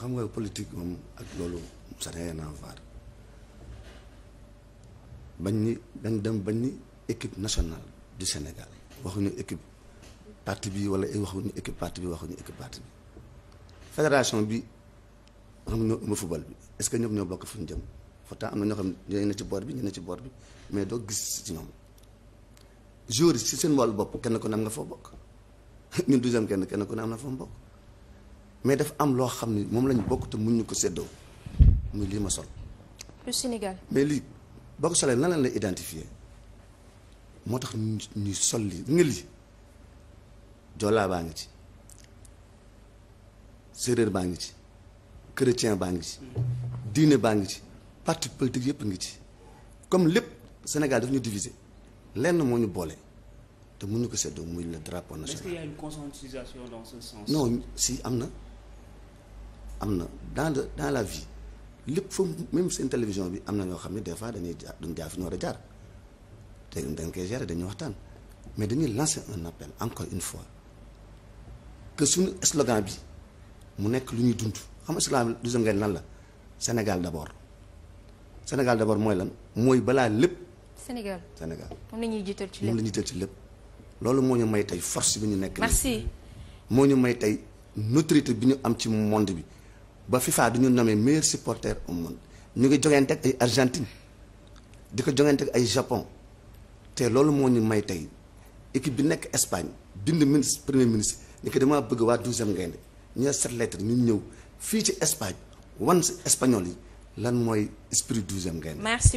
xam nga politique moom ak loolu ça n'a rien bañ ni dañ dem bañ ni équipe nationale du Sénégal waxuñu équipe parti bi wala waxuñu équipe partie bi waxuñu équipe parti bi fédération bi xam nga ñoo football bi est-ce que ñoom ñoo bokk fu ñu jëm pourtant am na ñoo xam ne ñu ci boor bi ñu ci boor bi mais doo gis ci ñoom joueurs yi si seen wàllu bopp kenn ku ne am nga foo bokk ñun douzième kenn kenn ku ne am na foo bokk. mais dafa am loo xam ni moom lañ bokk te mun ñu ko seddoo muy lii ma sol. Sénégal. mais lii boo ko solee nan lañ lay moo tax ñuy sol lii nga lii joolaa baa ngi ci séeréer baa ngi ci chrétien baa ngi ci diine baa ngi ci parti politique yëpp ngi ci comme lépp Sénégal daf ñu diviser lenn moo ñu boole. te mënuñu ko seddoo muy le drapeau national. est-ce qu'il y a une si am na. am na dans le la vie lépp fa même seen télévision bi am na ñoo xam ne des fois dañuy jaar duñ jaar fi ñu war a jaar te dañ koy gérer dañuy waxtaan mais dañuy lancé un appel encore une fois que suñu slogan bi mu nekk lu ñuy dund xam nga slogan bi ngeen lan la Sénégal d'abord Sénégal d'abord mooy lan mooy balaa lépp. Sénégal Sénégal moom la ñuy jiital ci lépp la ñuy jiital ci lépp. loolu moo ñu may tey force bi ñu nekk. merci moo ñu may tey notoriété bi ñu am ci monde bi. ba FIFA du ñu nommé meilleur supporter au monde ñu ngi jongante ak ay Argentine di ko jongante ak ay Japon te loolu moo ñu may tey équipe bi nekk Espagne bind ministre premier ministre ni ko damaa bëgg waa douzième gaynde ñoo set lettre ñu ñëw fii ci Espagne wan si espagnol yi lan mooy esprit douzième gaynde merci